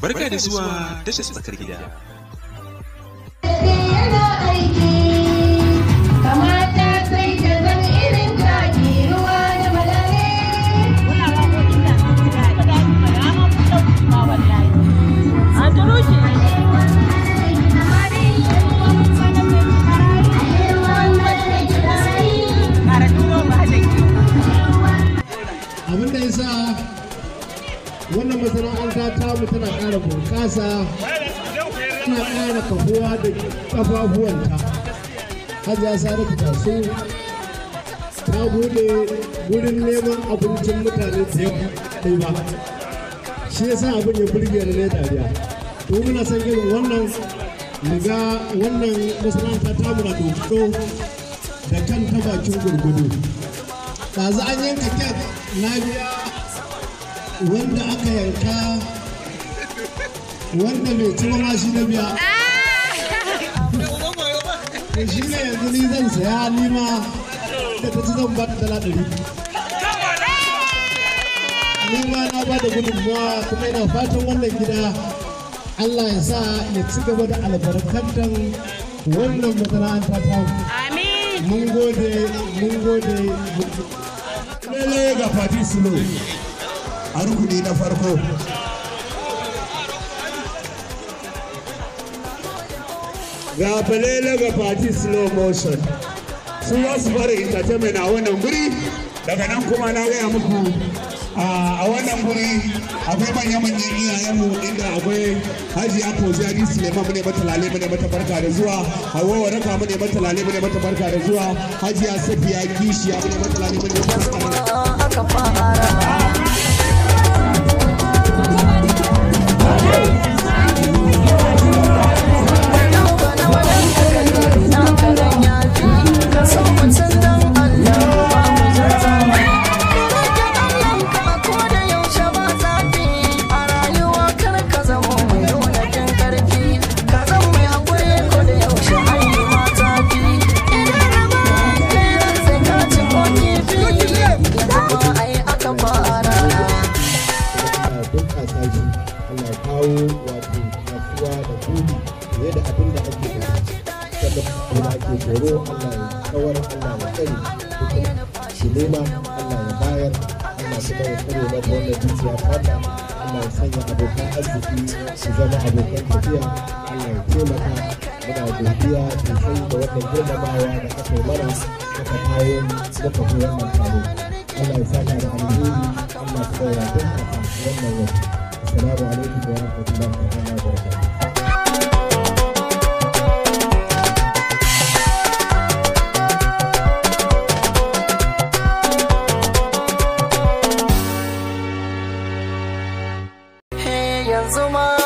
Barka da zuwa tashar tsakar gida. Gaskiya na aiki ƙasa tamu tana ƙara bunƙasa tana ƙara kafuwa da ƙafafuwanta hajiya saratu taso ta bude wurin neman abincin mutane da ya ba shi yasa abin ya burge na ne dariya to muna son irin wannan daga wannan masana'anta ta mura dokto da kan ta bakin gurgudu za an yanka kek na biya wanda aka yanka wanda bai ci ma shi na biya ah! to shi ne yanzu ni zan saya ni ma da ta ci zan ba ta dala ɗari ni ma na ba da gudummawa, kuma ina fatan wannan gida Allah ya sa ya ci gaba da albarkantar wannan masana'anta ta Amin. Mun gode, mun gode. ga Fati Sulo a rukuni na farko. ga falela ga fati slow motion su za su fara entertainment a wannan guri daga nan kuma na gaya muku a wannan guri akwai manyan manyan iyayenmu inda akwai haji apo jadi suleiman mune mata lale mune mata barka da zuwa hawa waraka mune mata lale mune mata barka da zuwa haji asafiya kishiya mune mata lale mune mata barka da zuwa da ake tsoro Allah ya kawar Allah ya tsare kuma shi nema Allah ya bayar Allah su kawai tsare da wannan dukiya fata Allah ya sanya abokan arziki su zama abokan tafiya Allah ya taimaka muna godiya sosai da wannan girmamawa da aka yi mana aka kawo da fi wannan taro Allah ya saka da alheri Allah ya kawai ya taimaka wannan yau assalamu alaikum wa rahmatullahi yanzu ma